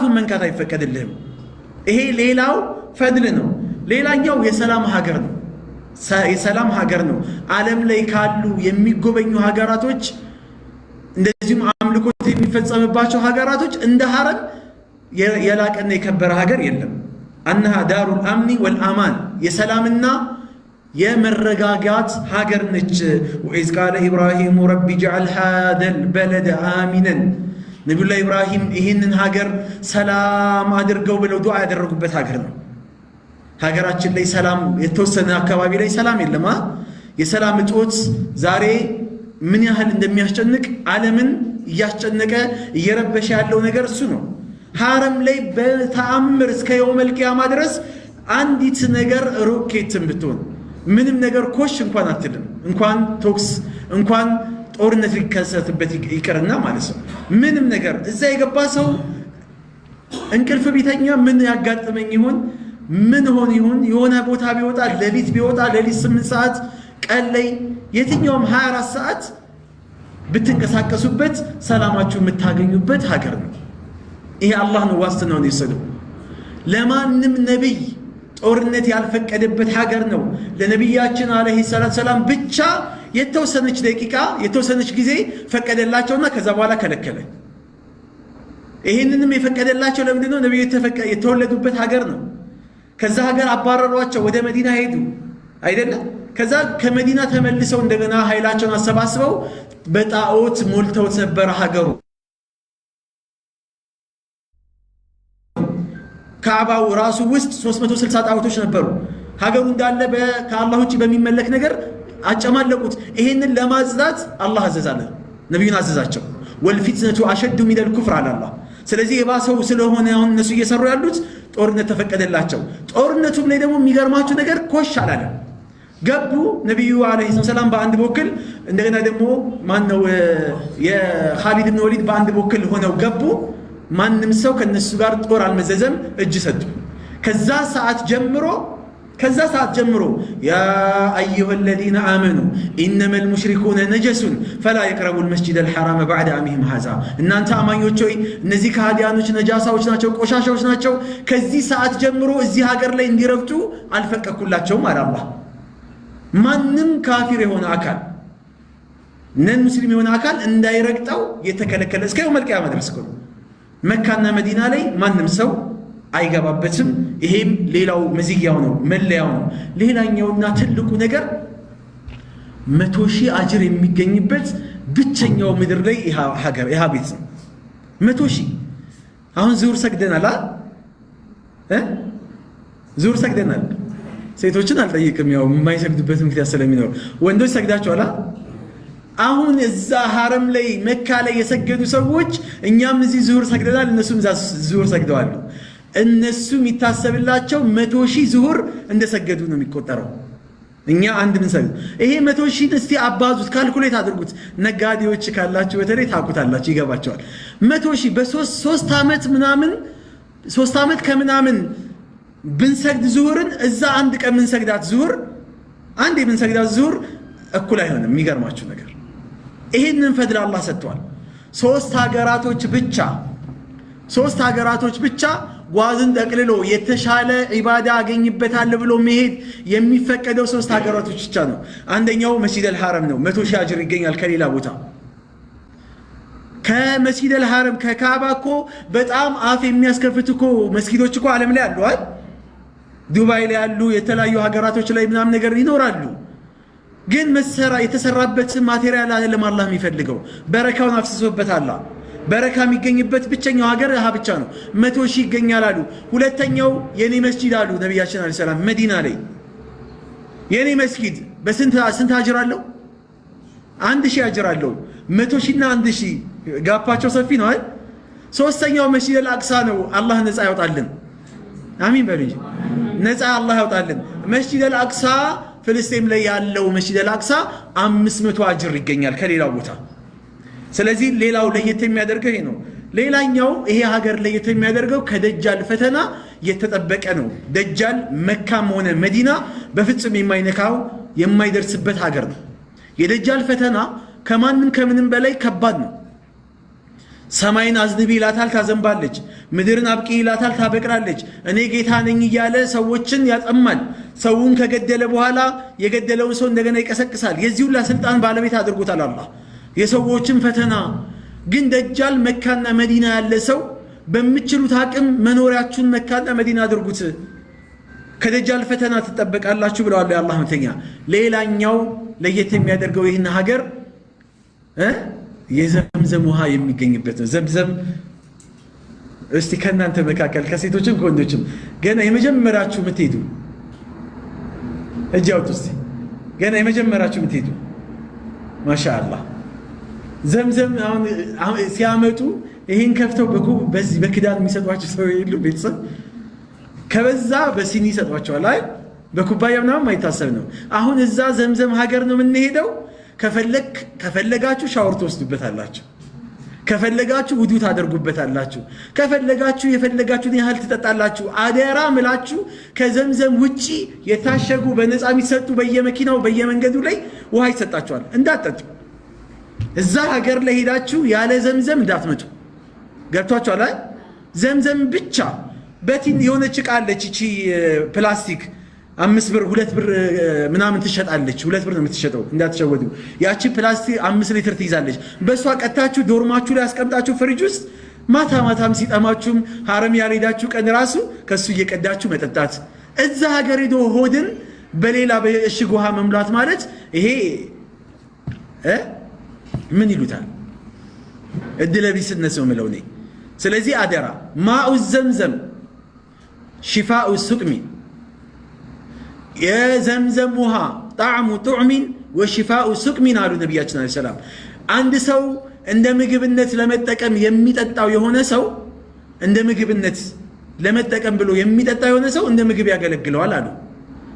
ራሱን መንካት አይፈቀድልህም። ይሄ ሌላው ፈድል ነው። ሌላኛው የሰላም ሀገር ነው። የሰላም ሀገር ነው። ዓለም ላይ ካሉ የሚጎበኙ ሀገራቶች እንደዚሁም አምልኮት የሚፈጸምባቸው ሀገራቶች እንደ ሀረም የላቀና የከበረ ሀገር የለም። አነሃ ዳሩል አምኒ ወልአማን የሰላምና የመረጋጋት ሀገር ነች። ወኢዝ ቃለ ኢብራሂሙ ረቢ ጅዓል ሃደል በለደ አሚነን ነቢዩላህ ኢብራሂም ይህንን ሀገር ሰላም አድርገው ብለው ዱዓ ያደረጉበት ሀገር ነው። ሀገራችን ላይ ሰላም የተወሰነ አካባቢ ላይ ሰላም የለማ። የሰላም እጦት ዛሬ ምን ያህል እንደሚያስጨንቅ ዓለምን እያስጨነቀ እየረበሸ ያለው ነገር እሱ ነው። ሀረም ላይ በተአምር እስከ የውመል ቂያማ ድረስ አንዲት ነገር ሮኬትን ብትሆን ምንም ነገር ኮሽ እንኳን አትልም። እንኳን ቶክስ እንኳን ጦርነት ሊከሰትበት ይቅርና ማለት ነው። ምንም ነገር እዛ የገባ ሰው እንቅልፍ ቢተኛ ምን ያጋጥመኝ ይሆን ምን ሆን ይሁን የሆነ ቦታ ቢወጣ ሌሊት ቢወጣ ሌሊት ስምንት ሰዓት ቀን ላይ የትኛውም 24 ሰዓት ብትንቀሳቀሱበት ሰላማችሁ የምታገኙበት ሀገር ነው። ይሄ አላህ ነው ዋስትናውን የሰደው። ለማንም ነቢይ ጦርነት ያልፈቀደበት ሀገር ነው። ለነቢያችን አለይሂ ሰላም ብቻ የተወሰነች ደቂቃ የተወሰነች ጊዜ ፈቀደላቸውና ከዛ በኋላ ከለከለ። ይህንንም የፈቀደላቸው ለምንድን ነው? ነቢዩ የተወለዱበት ሀገር ነው። ከዛ ሀገር አባረሯቸው፣ ወደ መዲና ሄዱ አይደለም። ከዛ ከመዲና ተመልሰው እንደገና ኃይላቸውን አሰባስበው በጣዖት ሞልተውት ነበረ ሀገሩ። ካዕባው ራሱ ውስጥ 360 ጣዖቶች ነበሩ። ሀገሩ እንዳለ ከአላህ ውጭ በሚመለክ ነገር አጨማለቁት። ይሄንን ለማጽዳት አላህ አዘዛለ፣ ነቢዩን አዘዛቸው። ወልፊትነቱ አሸዱ ሚለል ኩፍር አላላ። ስለዚህ የባሰው ስለሆነ አሁን እነሱ እየሰሩ ያሉት ጦርነት ተፈቀደላቸው። ጦርነቱም ላይ ደግሞ የሚገርማችሁ ነገር ኮሽ አላለም። ገቡ ነቢዩ አለይሂ ሰላም በአንድ በኩል እንደገና ደግሞ ማነው የኻሊድ ብን ወሊድ በአንድ በኩል ሆነው ገቡ። ማንም ሰው ከነሱ ጋር ጦር አልመዘዘም፣ እጅ ሰጡ። ከዛ ሰዓት ጀምሮ ከዛ ሰዓት ጀምሮ ያ አዩሃ አለዚነ አመኑ ኢነመል ሙሽሪኩነ ነጀሱን ፈላ የቅረቡል መስጂደል ሐራመ በዕደ ዓሚሂም ሀዛ። እናንተ አማኞች ሆይ እነዚህ ከሃዲያኖች ነጃሳዎች ናቸው፣ ቆሻሻዎች ናቸው። ከዚህ ሰዓት ጀምሮ እዚህ ሀገር ላይ እንዲረግጡ አልፈቀድኩላቸውም አለ አላህ። ማንም ካፊር የሆነ አካል ነን ሙስሊም የሆነ አካል እንዳይረግጠው የተከለከለ እስከ የውመል ቂያማ ድረስ መካና መዲና ላይ ማንም ሰው አይገባበትም። ይሄም ሌላው መዝጊያው ነው፣ መለያው ነው። ሌላኛውና ትልቁ ነገር መቶ ሺህ አጅር የሚገኝበት ብቸኛው ምድር ላይ ሀገር ይህ ቤት ነው። መቶ ሺህ አሁን ዙር ሰግደናል እ ዙር ሰግደናል። ሴቶችን አልጠይቅም፣ ያው የማይሰግዱበት ምክንያት ስለሚኖር ወንዶች ሰግዳችኋል። አሁን እዛ ሀረም ላይ መካ ላይ የሰገዱ ሰዎች እኛም እዚህ ዙር ሰግደናል፣ እነሱም እዛ ዙር ሰግደዋል። እነሱ የሚታሰብላቸው መቶ ሺህ ዙሁር እንደሰገዱ ነው የሚቆጠረው። እኛ አንድ ምን ይሄ መቶ ሺህን እስቲ አባዙት፣ ካልኩሌት አድርጉት። ነጋዴዎች ካላችሁ በተለይ ታውቁታላችሁ፣ ይገባቸዋል። መቶ ሺህ በሶስት ዓመት ምናምን ሶስት ዓመት ከምናምን ብንሰግድ ዙሁርን እዛ አንድ ቀን ምንሰግዳት ዙሁር አንድ የምንሰግዳት ዙሁር እኩል አይሆንም። የሚገርማችሁ ነገር ይሄንን ፈድል አላህ ሰጥቷል። ሶስት ሀገራቶች ብቻ ሶስት ሀገራቶች ብቻ ጓዝን ጠቅልሎ የተሻለ ዒባዳ አገኝበታል ብሎ መሄድ የሚፈቀደው ሶስት ሀገራቶች ብቻ ነው። አንደኛው መስጂደል ሐረም ነው። መቶ ሺህ አጅር ይገኛል ከሌላ ቦታ ከመስጂደል ሐረም ከካባ እኮ በጣም አፍ የሚያስከፍት እኮ መስጊዶች እኮ ዓለም ላይ አለዋል። ዱባይ ላይ ያሉ የተለያዩ ሀገራቶች ላይ ምናምን ነገር ይኖራሉ። ግን የተሰራበት ማቴሪያል አለም አላህ የሚፈልገው በረካውን አፍስሶበት አላ በረካ የሚገኝበት ብቸኛው ሀገር ረሃ ብቻ ነው። መቶ ሺህ ይገኛል አሉ። ሁለተኛው የኔ መስጂድ አሉ ነቢያችን አለ ሰላም መዲና ላይ የኔ መስጊድ በስንት አጅር አለው? አንድ ሺህ አጅር አለው። መቶ ሺና አንድ ሺህ ጋፓቸው ሰፊ ነው አይደል? ሶስተኛው መስጂድ አልአቅሳ ነው። አላህ ነፃ ያውጣልን። አሚን በሉ እንጂ ነፃ አላህ ያውጣልን። መስጂድ አልአቅሳ ፍልስጤም ላይ ያለው መስጂድ አልአቅሳ አምስት መቶ አጅር ይገኛል ከሌላው ቦታ ስለዚህ ሌላው ለየት የሚያደርገው ይሄ ነው። ሌላኛው ይሄ ሀገር ለየት የሚያደርገው ከደጃል ፈተና የተጠበቀ ነው። ደጃል መካም ሆነ መዲና በፍጹም የማይነካው የማይደርስበት ሀገር ነው። የደጃል ፈተና ከማንም ከምንም በላይ ከባድ ነው። ሰማይን አዝንቢ ይላታል፣ ታዘንባለች። ምድርን አብቂ ይላታል፣ ታበቅላለች። እኔ ጌታ ነኝ እያለ ሰዎችን ያጠማል። ሰውን ከገደለ በኋላ የገደለውን ሰው እንደገና ይቀሰቅሳል። የዚህ ሁላ ስልጣን ባለቤት አድርጎታል አላህ የሰዎችን ፈተና ግን ደጃል መካና መዲና ያለ ሰው በምችሉት አቅም መኖሪያችሁን መካና መዲና አድርጉት ከደጃል ፈተና ትጠበቃላችሁ ብለዋል የአላህ መልእክተኛ። ሌላኛው ለየት የሚያደርገው ይህን ሀገር የዘምዘም ውሃ የሚገኝበት ነው። ዘምዘም እስቲ ከእናንተ መካከል ከሴቶችም ከወንዶችም ገና የመጀመሪያችሁ የምትሄዱ እጅ አውጡ እስቲ ገና የመጀመሪያችሁ የምትሄዱ ማሻ ዘምዘም ሲያመጡ ይህን ከፍተው በዚህ በክዳን የሚሰጧቸው ሰው የሉ ቤተሰብ ከበዛ በሲኒ ይሰጧቸዋል። አይ በኩባያ ምናምን አይታሰብ ነው። አሁን እዛ ዘምዘም ሀገር ነው የምንሄደው። ከፈለጋችሁ ሻወር ትወስዱበታላችሁ፣ ከፈለጋችሁ ውዱ ታደርጉበታላችሁ፣ ከፈለጋችሁ የፈለጋችሁን ያህል ትጠጣላችሁ። አደራ ምላችሁ ከዘምዘም ውጪ የታሸጉ በነፃ የሚሰጡ በየመኪናው በየመንገዱ ላይ ውሃ ይሰጣችኋል፣ እንዳትጠጡ እዛ ሀገር ላይ ሄዳችሁ ያለ ዘምዘም እንዳትመጡ። ገብቷችኋል? ዘምዘም ብቻ በቲን የሆነች እቃ አለች። እቺ ፕላስቲክ አምስት ብር ሁለት ብር ምናምን ትሸጣለች። ሁለት ብር ነው የምትሸጠው፣ እንዳትሸወዱ። ያቺ ፕላስቲክ አምስት ሊትር ትይዛለች። በእሷ ቀታችሁ ዶርማችሁ ላይ አስቀምጣችሁ ፍሪጅ ውስጥ ማታ ማታም ሲጠማችሁም ሀረም ያልሄዳችሁ ቀን ራሱ ከእሱ እየቀዳችሁ መጠጣት። እዛ ሀገር ሄዶ ሆድን በሌላ በእሽግ ውሃ መምላት ማለት ይሄ ምን ይሉታል? እድለቢስነት ነው የምለው እኔ። ስለዚህ አደራ ማኡ ዘምዘም ሽፋኡ ሱቅሚ የዘምዘም ውሃ ጣዕሙ ጡዕሚን ወሽፋኡ ሱቅሚን አሉ ነቢያችን ዐለይሂ ሰላም። አንድ ሰው እንደ ምግብነት ለመጠቀም የሚጠጣው የሆነ ሰው እንደ ምግብነት ለመጠቀም ብሎ የሚጠጣ የሆነ ሰው እንደ ምግብ ያገለግለዋል አሉ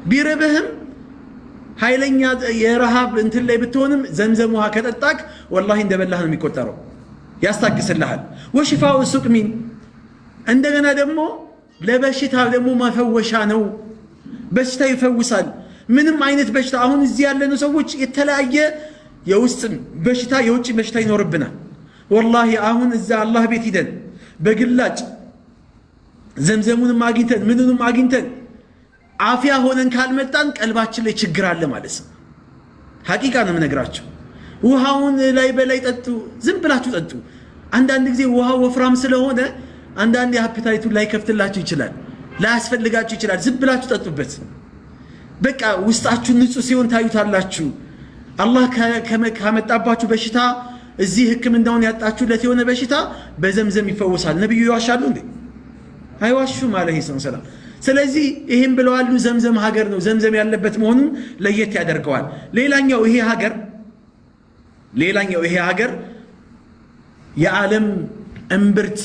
ቢርብህም ኃይለኛ የረሃብ እንትን ላይ ብትሆንም ዘምዘም ውሃ ከጠጣክ ወላሂ እንደበላህ ነው የሚቆጠረው፣ ያስታግስልሃል። ወሽፋው ሱቅ ሚን እንደገና ደግሞ ለበሽታ ደግሞ መፈወሻ ነው። በሽታ ይፈውሳል። ምንም አይነት በሽታ አሁን እዚህ ያለነው ሰዎች የተለያየ የውስጥ በሽታ የውጭ በሽታ ይኖርብናል። ወላሂ አሁን እዛ አላህ ቤት ሂደን በግላጭ ዘምዘሙንም አግኝተን ምንንም አግኝተን አፍያ ሆነን ካልመጣን ቀልባችን ላይ ችግር አለ ማለት ነው። ሀቂቃ ነው የምነግራቸው። ውሃውን ላይ በላይ ጠጡ፣ ዝም ብላችሁ ጠጡ። አንዳንድ ጊዜ ውሃው ወፍራም ስለሆነ አንዳንድ የአፒታይቱን ላይ ከፍትላችሁ ይችላል፣ ላያስፈልጋችሁ ይችላል። ዝም ብላችሁ ጠጡበት። በቃ ውስጣችሁ ንጹህ ሲሆን ታዩታላችሁ። አላህ ካመጣባችሁ በሽታ እዚህ ህክምናውን ያጣችሁለት የሆነ በሽታ በዘምዘም ይፈወሳል። ነቢዩ ይዋሻሉ እንዴ? አይዋሹም። አለ ሰላም ስለዚህ ይህም ብለዋሉ ዘምዘም ሀገር ነው። ዘምዘም ያለበት መሆኑን ለየት ያደርገዋል። ሌላኛው ይሄ ሀገር ሌላኛው ይሄ ሀገር የዓለም እምብርት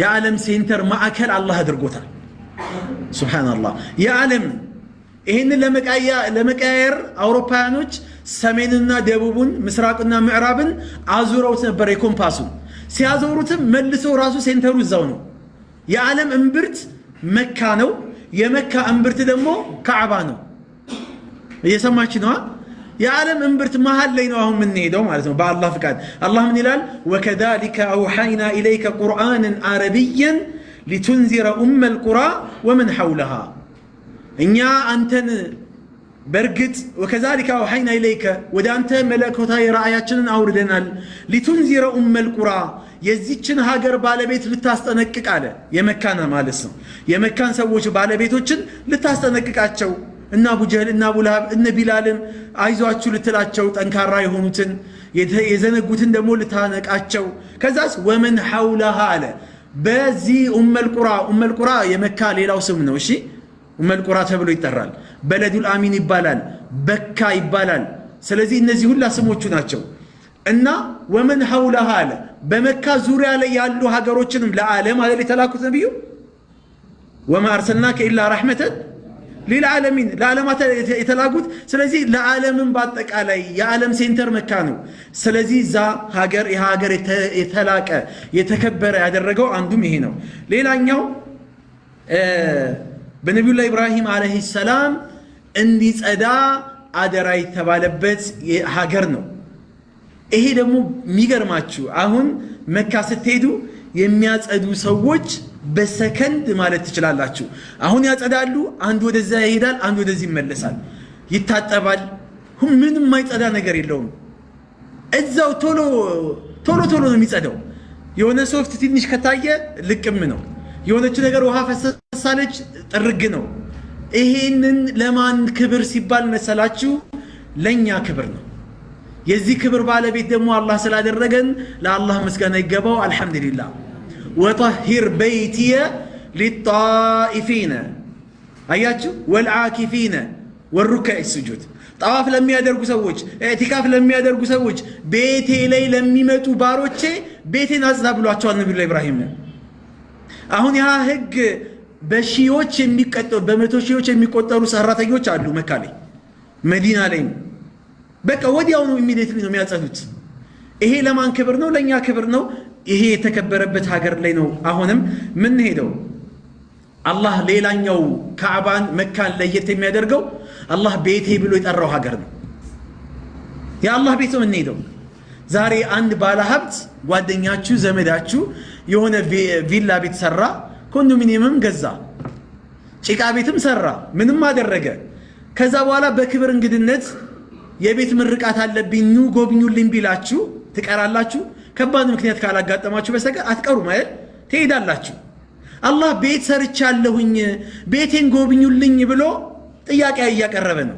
የዓለም ሴንተር ማዕከል አላህ አድርጎታል። ሱብሓነላህ የዓለም ይህንን ለመቀያየር አውሮፓውያኖች ሰሜንና ደቡቡን ምስራቅና ምዕራብን አዙረውት ነበር። የኮምፓሱ ሲያዞሩትም መልሶ ራሱ ሴንተሩ እዛው ነው። የዓለም እምብርት መካ ነው። የመካ እምብርት ደግሞ ካዕባ ነው። እየሰማች ነዋ። የዓለም እምብርት መሀል ላይ ነው አሁን የምንሄደው ማለት ነው፣ በአላህ ፍቃድ። አላህ ምን ይላል? ወከዛሊከ አውሐይና ኢለይከ ቁርአንን አረብየን ሊቱንዚረ ኡመ ቁራ ወመን ሐውለሃ እኛ አንተን በእርግጥ ወከዛሊከ አውሐይና ኢለይከ ወደ አንተ መለኮታዊ ራእያችንን አውርደናል ሊቱንዚረ ኡመ ልቁራ የዚችን ሀገር ባለቤት ልታስጠነቅቅ አለ። የመካን ማለት ነው። የመካን ሰዎች ባለቤቶችን ልታስጠነቅቃቸው እና አቡጀህል እና አቡላሃብ እነ ቢላልን አይዟችሁ ልትላቸው ጠንካራ የሆኑትን የዘነጉትን ደግሞ ልታነቃቸው። ከዛስ ወመን ሐውላሃ አለ። በዚህ ኡመልቁራ ኡመልቁራ የመካ ሌላው ስም ነው። እሺ ኡመልቁራ ተብሎ ይጠራል። በለዱል አሚን ይባላል። በካ ይባላል። ስለዚህ እነዚህ ሁላ ስሞቹ ናቸው። እና ወመን ሐውለሃ አለ በመካ ዙሪያ ላይ ያሉ ሀገሮችንም ለዓለም አይደል የተላኩት ነቢዩ ወማ አርሰልናከ ኢላ ረሕመተን ሊልዓለሚን ለዓለማት የተላኩት። ስለዚህ ለዓለምን በአጠቃላይ የዓለም ሴንተር መካ ነው። ስለዚህ እዛ ሀገር ይህ ሀገር የተላቀ የተከበረ ያደረገው አንዱም ይሄ ነው። ሌላኛው በነቢዩላህ ኢብራሂም ዓለይሂ ሰላም እንዲጸዳ አደራ የተባለበት ሀገር ነው። ይሄ ደግሞ የሚገርማችሁ አሁን መካ ስትሄዱ የሚያጸዱ ሰዎች በሰከንድ ማለት ትችላላችሁ። አሁን ያጸዳሉ፣ አንዱ ወደዛ ይሄዳል፣ አንዱ ወደዚህ ይመለሳል፣ ይታጠባል። ምንም የማይጸዳ ነገር የለውም። እዛው ቶሎ ቶሎ ቶሎ ነው የሚጸዳው። የሆነ ሶፍት ትንሽ ከታየ ልቅም ነው። የሆነች ነገር ውሃ ፈሳለች ጥርግ ነው። ይሄንን ለማን ክብር ሲባል መሰላችሁ? ለእኛ ክብር ነው። የዚህ ክብር ባለቤት ደግሞ አላህ ስላደረገን ለአላህ ምስጋና ይገባው። አልሐምዱሊላህ። ወጠሂር በይትየ ሊጣኢፊነ አያችሁ፣ ወልዓኪፊነ ወሩካዕ ስጁድ ጠዋፍ ለሚያደርጉ ሰዎች፣ ኢዕቲካፍ ለሚያደርጉ ሰዎች፣ ቤቴ ላይ ለሚመጡ ባሮቼ ቤቴን አጽዳ ብሏቸዋል ነቢዩላህ ኢብራሂም። አሁን ያ ህግ በሺዎች የሚቀጠሩ በመቶ ሺዎች የሚቆጠሩ ሰራተኞች አሉ መካ ላይ መዲና ላይ ነው በቃ ወዲያውኑ ኢሚዲየትሊ ነው የሚያጸዱት። ይሄ ለማን ክብር ነው? ለእኛ ክብር ነው። ይሄ የተከበረበት ሀገር ላይ ነው አሁንም ምንሄደው። አላህ ሌላኛው ካዕባን መካን ለየት የሚያደርገው አላህ ቤቴ ብሎ የጠራው ሀገር ነው። የአላህ ቤት ነው የምንሄደው። ዛሬ አንድ ባለሀብት ጓደኛችሁ፣ ዘመዳችሁ የሆነ ቪላ ቤት ሰራ፣ ኮንዶሚኒየምም ገዛ፣ ጭቃ ቤትም ሰራ፣ ምንም አደረገ። ከዛ በኋላ በክብር እንግድነት የቤት ምርቃት አለብኝ ኑ ጎብኙልኝ ቢላችሁ ትቀራላችሁ? ከባድ ምክንያት ካላጋጠማችሁ በስተቀር አትቀሩ ማለት ትሄዳላችሁ። አላህ ቤት ሰርቻለሁኝ ቤቴን ጎብኙልኝ ብሎ ጥያቄ እያቀረበ ነው።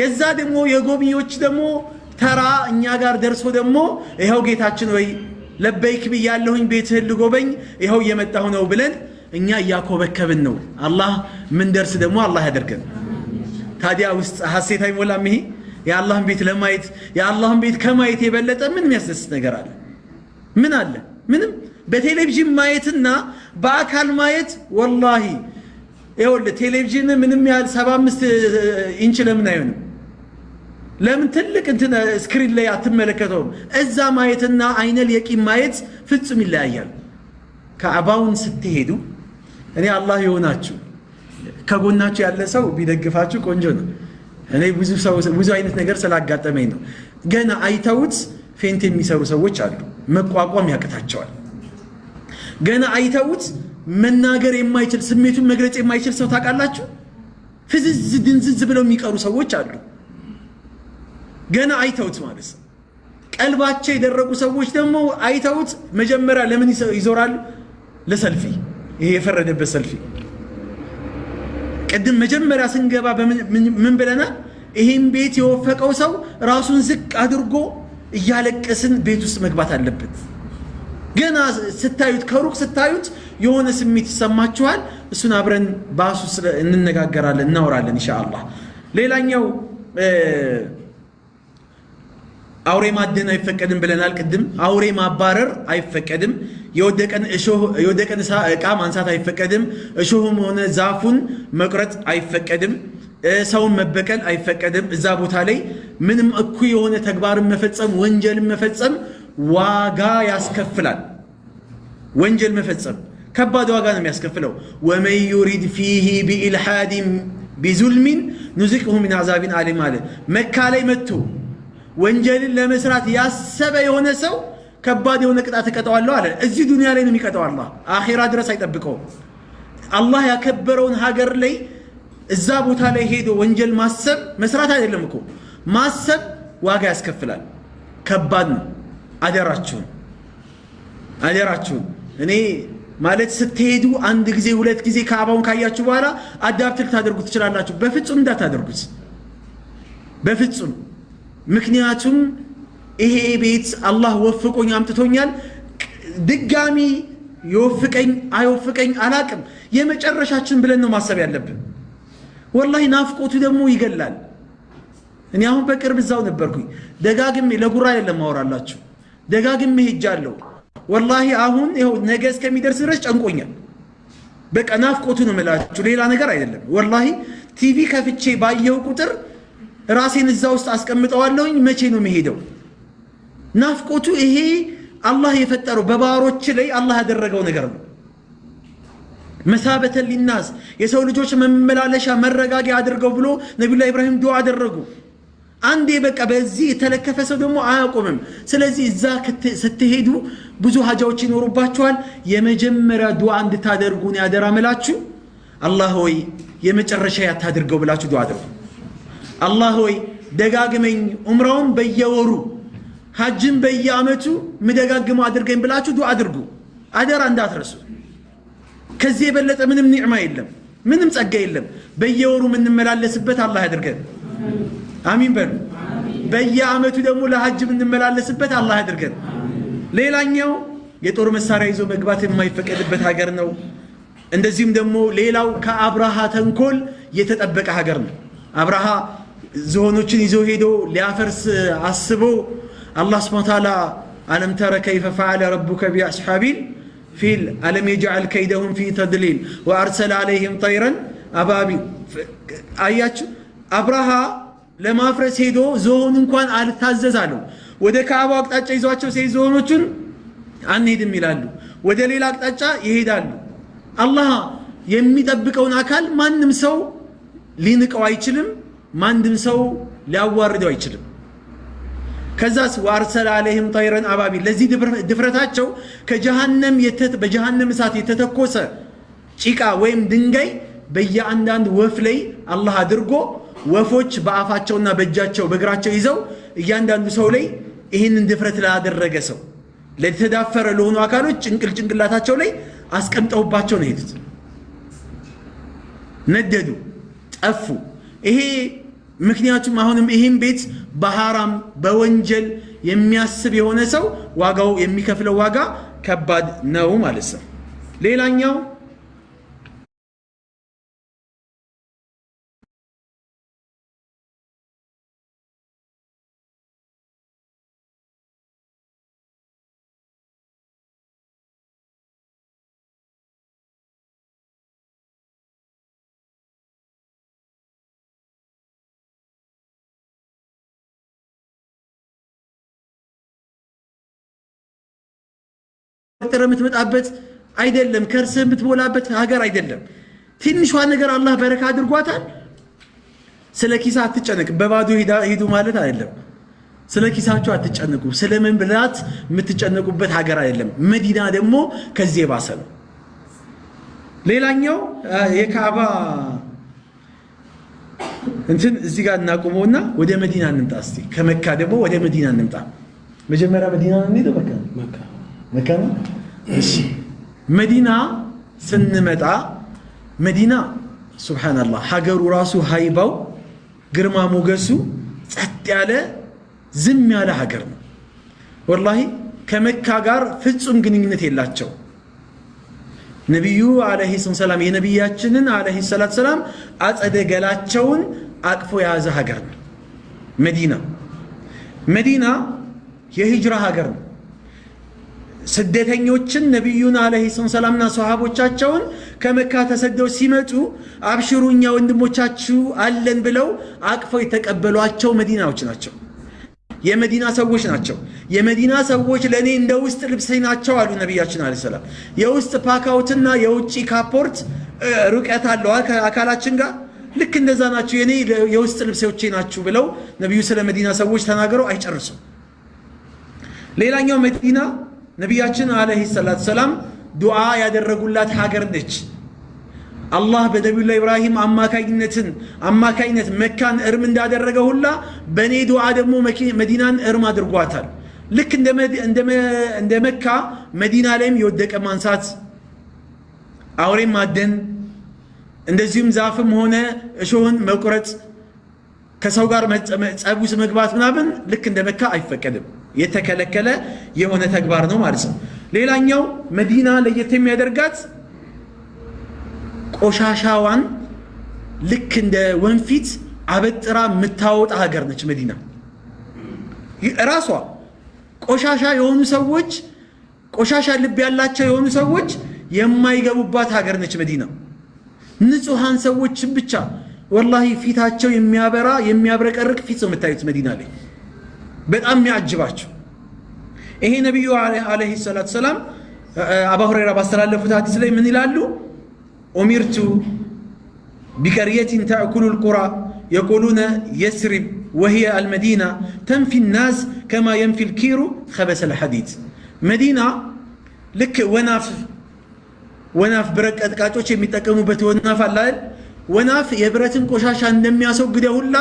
የዛ ደግሞ የጎብኚዎች ደግሞ ተራ እኛ ጋር ደርሶ ደግሞ ይኸው ጌታችን ወይ ለበይክ ብያለሁኝ ቤትህን ልጎበኝ ይኸው እየመጣሁ ነው ብለን እኛ እያኮበከብን ነው። አላህ ምን ደርስ ደግሞ አላህ ያደርገን። ታዲያ ውስጥ ሀሴት አይሞላም ይሄ የአላህን ቤት ለማየት የአላህን ቤት ከማየት የበለጠ ምን የሚያስደስት ነገር አለ? ምን አለ? ምንም። በቴሌቪዥን ማየትና በአካል ማየት ወላሂ ይኸውልህ ቴሌቪዥን ምንም ያህል ሰባ አምስት ኢንች ለምን አይሆንም? ለምን ትልቅ እንትን ስክሪን ላይ አትመለከተውም? እዛ ማየትና አይነል የቂም ማየት ፍጹም ይለያያል። ከአባውን ስትሄዱ እኔ አላህ የሆናችሁ ከጎናችሁ ያለ ሰው ቢደግፋችሁ ቆንጆ ነው። እኔ ብዙ ሰው ብዙ አይነት ነገር ስላጋጠመኝ ነው። ገና አይተውት ፌንት የሚሰሩ ሰዎች አሉ፣ መቋቋም ያቅታቸዋል። ገና አይተውት መናገር የማይችል ስሜቱን መግለጽ የማይችል ሰው ታውቃላችሁ፣ ፍዝዝ ድንዝዝ ብለው የሚቀሩ ሰዎች አሉ። ገና አይተውት ማለት ነው። ቀልባቸው የደረቁ ሰዎች ደግሞ አይተውት መጀመሪያ ለምን ይዞራሉ? ለሰልፊ፣ ይሄ የፈረደበት ሰልፊ ቅድም መጀመሪያ ስንገባ ምን ብለናል? ይህም ቤት የወፈቀው ሰው ራሱን ዝቅ አድርጎ እያለቀስን ቤት ውስጥ መግባት አለበት። ገና ስታዩት ከሩቅ ስታዩት የሆነ ስሜት ይሰማችኋል። እሱን አብረን በአሱ እንነጋገራለን፣ እናወራለን ኢንሻአላህ። ሌላኛው አውሬ ማደን አይፈቀድም ብለናል። ቅድም አውሬ ማባረር አይፈቀድም። የወደቀን እቃ ማንሳት አይፈቀድም። እሾሁም ሆነ ዛፉን መቁረጥ አይፈቀድም። ሰውን መበቀል አይፈቀድም። እዛ ቦታ ላይ ምንም እኩይ የሆነ ተግባርን መፈጸም ወንጀልን መፈጸም ዋጋ ያስከፍላል። ወንጀል መፈጸም ከባድ ዋጋ ነው የሚያስከፍለው። ወመን ዩሪድ ፊሂ ቢኢልሓዲን ቢዙልሚን ኑዚቅሁ ምን አዛቢን አሊም አለ መካ ላይ መጥቶ ወንጀልን ለመስራት ያሰበ የሆነ ሰው ከባድ የሆነ ቅጣት እቀጠዋለሁ አለ። እዚህ ዱንያ ላይ ነው የሚቀጠው። አላህ አኼራ ድረስ አይጠብቀውም። አላህ ያከበረውን ሀገር ላይ እዛ ቦታ ላይ ሄዶ ወንጀል ማሰብ መስራት አይደለም እኮ ማሰብ ዋጋ ያስከፍላል። ከባድ ነው። አደራችሁን አደራችሁን። እኔ ማለት ስትሄዱ አንድ ጊዜ ሁለት ጊዜ ከአባውን ካያችሁ በኋላ አዳፕት ታደርጉ ትችላላችሁ። በፍጹም እንዳታደርጉት በፍጹም ምክንያቱም ይሄ ቤት አላህ ወፍቆኝ አምጥቶኛል። ድጋሚ የወፍቀኝ አይወፍቀኝ አላቅም። የመጨረሻችን ብለን ነው ማሰብ ያለብን። ወላሂ ናፍቆቱ ደግሞ ይገላል። እኔ አሁን በቅርብ እዛው ነበርኩኝ። ደጋግሜ ለጉራ አይደለም ማወራላችሁ፣ ደጋግሜ ሄጃለሁ። ወላሂ አሁን ይኸው ነገ እስከሚደርስ ድረስ ጨንቆኛል። በቃ ናፍቆቱ ነው የምላችሁ፣ ሌላ ነገር አይደለም። ወላሂ ቲቪ ከፍቼ ባየው ቁጥር ራሴን እዛ ውስጥ አስቀምጠዋለሁኝ። መቼ ነው የሚሄደው ናፍቆቱ ይሄ አላህ የፈጠረው በባሮች ላይ አላህ ያደረገው ነገር ነው። መሳበተን ሊናስ የሰው ልጆች መመላለሻ መረጋጊያ አድርገው ብሎ ነቢዩላ ኢብራሂም ዱዓ አደረጉ። አንዴ በቃ በዚህ የተለከፈ ሰው ደግሞ አያቆምም። ስለዚህ እዛ ስትሄዱ ብዙ ሀጃዎች ይኖሩባችኋል። የመጀመሪያ ዱዓ እንድታደርጉን ያደራ ምላችሁ አላህ ሆይ የመጨረሻ ያታድርገው ብላችሁ ዱዓ አድርጉ። አላህ ሆይ ደጋግመኝ ዑምራውን በየወሩ ሀጅን በየአመቱ ምደጋግመው አድርገኝ ብላችሁ ዱዓ አድርጉ። አደራ እንዳትረሱ። ከዚህ የበለጠ ምንም ኒዕማ የለም፣ ምንም ጸጋ የለም። በየወሩ የምንመላለስበት አላህ ያድርገን። አሚን በሉ። በየአመቱ ደግሞ ለሀጅ የምንመላለስበት አላህ ያድርገን። ሌላኛው የጦር መሳሪያ ይዞ መግባት የማይፈቀድበት ሀገር ነው። እንደዚሁም ደግሞ ሌላው ከአብርሃ ተንኮል የተጠበቀ ሀገር ነው። አብርሃ ዝሆኖችን ይዞ ሄዶ ሊያፈርስ አስቦ አላህ ስብሐ ወተዓላ አለም ተረ ከይፈ ፈዐለ ረቡከ ቢአስሓቢል ፊል አለም የጅዐል ከይደሁም ፊ ተድሊል ወአርሰለ ዓለይሂም ጠይረን አባቢል። አያችሁ አብርሃ ለማፍረስ ሄዶ ዝሆን እንኳን አልታዘዛለሁ። ወደ ካዕባ አቅጣጫ ይዟቸው ሴት ዝሆኖቹን አንሄድም ይላሉ፣ ወደ ሌላ አቅጣጫ ይሄዳሉ። አላህ የሚጠብቀውን አካል ማንም ሰው ሊንቀው አይችልም። ማንድም ሰው ሊያዋርደው አይችልም። ከዛስ ወአርሰለ አለይህም ጠይረን አባቢል ለዚህ ድፍረታቸው ከጀሃነም በጀሃነም እሳት የተተኮሰ ጭቃ ወይም ድንጋይ በየአንዳንድ ወፍ ላይ አላህ አድርጎ ወፎች በአፋቸውና በእጃቸው በእግራቸው ይዘው እያንዳንዱ ሰው ላይ ይህንን ድፍረት ላደረገ ሰው ለተዳፈረ ለሆኑ አካሎች ጭንቅል ጭንቅላታቸው ላይ አስቀምጠውባቸው ነው የሄዱት። ነደዱ፣ ጠፉ። ይሄ ምክንያቱም አሁንም ይህም ቤት በሐራም በወንጀል የሚያስብ የሆነ ሰው ዋጋው የሚከፍለው ዋጋ ከባድ ነው ማለት ነው። ሌላኛው እየተፈጠረ የምትመጣበት አይደለም። ከርስ የምትሞላበት ሀገር አይደለም። ትንሿ ነገር አላህ በረካ አድርጓታል። ስለ ኪሳ አትጨነቅ። በባዶ ሂዱ ማለት አይደለም። ስለ ኪሳችሁ አትጨነቁ። ስለ መብላት የምትጨነቁበት ሀገር አይደለም። መዲና ደግሞ ከዚህ የባሰ ነው። ሌላኛው የካዕባ እንትን እዚህ ጋር እናቁመውና ወደ መዲና እንምጣ። እስቲ ከመካ ደግሞ ወደ መዲና እንምጣ። መጀመሪያ መዲና ነው። መዲና ስንመጣ መዲና ሱብሓነላህ ሀገሩ ራሱ ሀይባው ግርማ ሞገሱ ጸጥ ያለ ዝም ያለ ሀገር ነው። ወላሂ ከመካ ጋር ፍጹም ግንኙነት የላቸው። ነቢዩ አለይሂ ሰላም የነቢያችንን አለይሂ ሰላት ሰላም አጸደ ገላቸውን አቅፎ የያዘ ሀገር ነው መዲና። መዲና የሂጅራ ሀገር ነው። ስደተኞችን ነቢዩን አለይሂ ሰላምና ሰሃቦቻቸውን ከመካ ተሰደው ሲመጡ አብሽሩ እኛ ወንድሞቻችሁ አለን ብለው አቅፈው የተቀበሏቸው መዲናዎች ናቸው። የመዲና ሰዎች ናቸው። የመዲና ሰዎች ለእኔ እንደ ውስጥ ልብሴ ናቸው አሉ ነቢያችን አለይሂ ሰላም። የውስጥ ፓካውትና የውጭ ካፖርት ርቀት አለው ከአካላችን ጋር ልክ እንደዛ ናቸው። የኔ የውስጥ ልብሶቼ ናችሁ ብለው ነቢዩ ስለ መዲና ሰዎች ተናግረው አይጨርሱም። ሌላኛው መዲና ነቢያችን አለይሂ ሰላት ሰላም ዱዓ ያደረጉላት ሀገር ነች። አላህ በነቢዩላህ ኢብራሂም አማካኝነትን አማካኝነት መካን እርም እንዳደረገ ሁላ በእኔ ዱዓ ደግሞ መዲናን እርም አድርጓታል። ልክ እንደ መካ መዲና ላይም የወደቀ ማንሳት፣ አውሬም ማደን፣ እንደዚሁም ዛፍም ሆነ እሾህን መቁረጥ፣ ከሰው ጋር ጸብ ውስጥ መግባት ምናምን ልክ እንደ መካ አይፈቀድም። የተከለከለ የሆነ ተግባር ነው ማለት ነው። ሌላኛው መዲና ለየት የሚያደርጋት ቆሻሻዋን ልክ እንደ ወንፊት አበጥራ የምታወጣ ሀገር ነች መዲና። ራሷ ቆሻሻ የሆኑ ሰዎች ቆሻሻ ልብ ያላቸው የሆኑ ሰዎች የማይገቡባት ሀገር ነች መዲና። ንጹሐን ሰዎችን ብቻ ወላሂ ፊታቸው የሚያበራ የሚያብረቀርቅ ፊት ነው የምታዩት መዲና ላይ። በጣም የሚያጅባቸው ይሄ ነቢዩ አለይሂ ሰላት ሰላም አባ ሁረይራ ባስተላለፉት ሀዲስ ላይ ምን ይላሉ? ኦሚርቱ ቢቀርየቲን ተእኩሉ ልቁራ የቁሉነ የስሪብ ወህየ አልመዲና ተንፊ ናስ ከማ የንፊ ልኪሩ ከበሰ ልሐዲድ መዲና ልክ ወናፍ ወናፍ ብረት ቀጥቃጮች የሚጠቀሙበት ወናፍ አላል ወናፍ የብረትን ቆሻሻ እንደሚያስወግደ ሁላ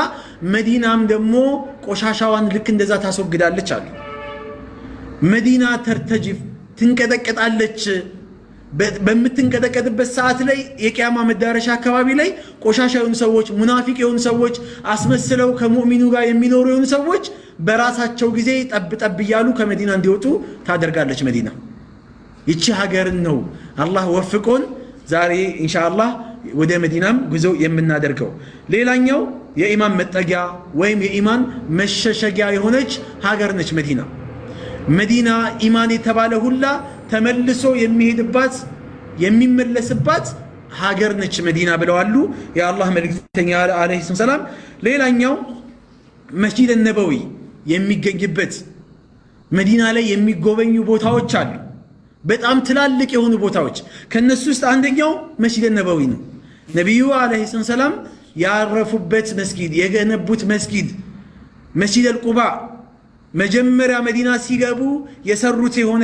መዲናም ደግሞ ቆሻሻዋን ልክ እንደዛ ታስወግዳለች አሉ። መዲና ተርተጅፍ ትንቀጠቀጣለች። በምትንቀጠቀጥበት ሰዓት ላይ የቅያማ መዳረሻ አካባቢ ላይ ቆሻሻ የሆኑ ሰዎች፣ ሙናፊቅ የሆኑ ሰዎች፣ አስመስለው ከሙእሚኑ ጋር የሚኖሩ የሆኑ ሰዎች በራሳቸው ጊዜ ጠብ ጠብ እያሉ ከመዲና እንዲወጡ ታደርጋለች። መዲና ይቺ ሀገርን ነው አላህ ወፍቆን ዛሬ ኢንሻአላህ ወደ መዲናም ጉዞ የምናደርገው ሌላኛው የኢማን መጠጊያ ወይም የኢማን መሸሸጊያ የሆነች ሀገር ነች መዲና። መዲና ኢማን የተባለ ሁላ ተመልሶ የሚሄድባት የሚመለስባት ሀገር ነች መዲና ብለዋሉ የአላህ መልክተኛ ዓለይሂ ሰላም። ሌላኛው መስጂድ ነበዊ የሚገኝበት መዲና ላይ የሚጎበኙ ቦታዎች አሉ። በጣም ትላልቅ የሆኑ ቦታዎች ከነሱ ውስጥ አንደኛው መስጂድ ነበዊ ነው። ነቢዩ ዓለይሂ ሰላም ያረፉበት መስጊድ የገነቡት መስጊድ መስጂድ አልቁባ መጀመሪያ መዲና ሲገቡ የሰሩት የሆነ